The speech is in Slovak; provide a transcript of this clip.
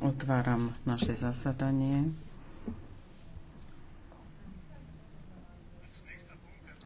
Otváram naše zasadanie.